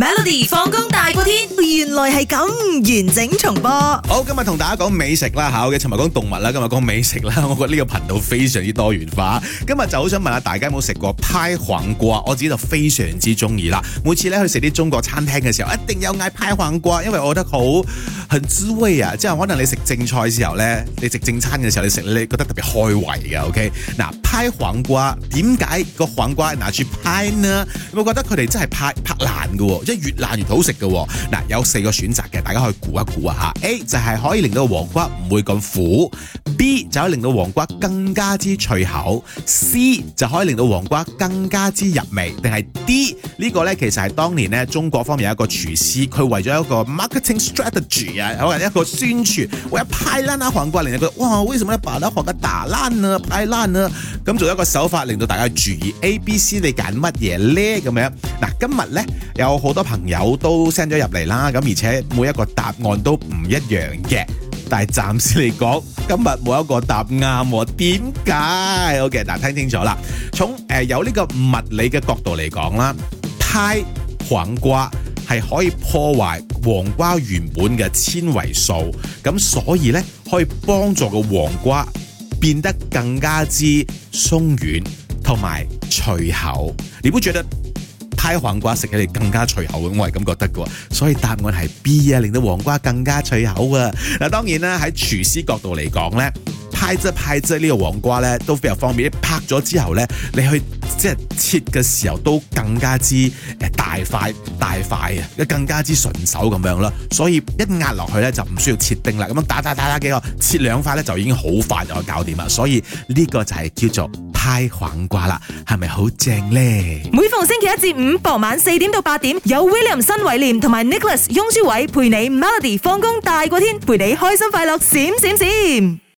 Melody 放工大過天，原來係咁完整重播。好，今日同大家講美食啦，吓我嘅尋日講動物啦，今日講美食啦。我覺得呢個頻道非常之多元化。今日就好想問下大家有冇食過拍黃瓜？我自己就非常之中意啦。每次咧去食啲中國餐廳嘅時候，一定有嗌拍黃瓜，因為我覺得好很,很滋味啊。即、就、係、是、可能你食正菜嘅時候咧，你食正餐嘅時候你，你食你覺得特別開胃嘅，OK。嗱，拍黃瓜點解個派黃瓜拿住拍呢？我覺得佢哋真係拍拍爛噶。即係越爛越好食嘅、哦，嗱有四個選擇嘅，大家可以估一估啊吓。A 就係可以令到黃瓜唔會咁苦，B 就可以令到黃瓜更加之脆口，C 就可以令到黃瓜更加之入味，定係 D 個呢個咧？其實係當年咧中國方面有一個廚師，佢為咗一個 marketing strategy 啊，可能一個宣傳，為咗拍爛啊黃瓜，令到佢哇，為什麼要把啲黃瓜打爛呢？拍爛呢？咁做一個手法，令到大家注意。A、B、C 你揀乜嘢咧？咁樣嗱，今日咧有好。好多朋友都 send 咗入嚟啦，咁而且每一個答案都唔一樣嘅，但係暫時嚟講，今日冇一個答啱喎。點解？OK，大家聽清楚啦。從誒、呃、有呢個物理嘅角度嚟講啦，拍黃瓜係可以破壞黃瓜原本嘅纖維素，咁所以咧可以幫助個黃瓜變得更加之鬆軟同埋脆口。你會覺得？拍黃瓜食起嚟，更加脆口，我係咁覺得嘅，所以答案係 B 啊，令到黃瓜更加脆口啊！嗱，當然啦，喺廚師角度嚟講咧，拍汁、拍即呢個黃瓜咧都非常方便，拍咗之後咧，你去即係切嘅時候都更加之誒，大塊大塊啊，更加之順手咁樣咯，所以一壓落去咧就唔需要切丁啦，咁樣打打打打幾個，切兩塊咧就已經好快就可以搞掂啦，所以呢個就係叫做。太黃瓜啦，係咪好正呢？每逢星期一至五傍晚四點到八點，有 William 新偉廉同埋 Nicholas 雍舒偉陪你 Melody 放工大過天，陪你開心快樂閃閃閃。閃閃閃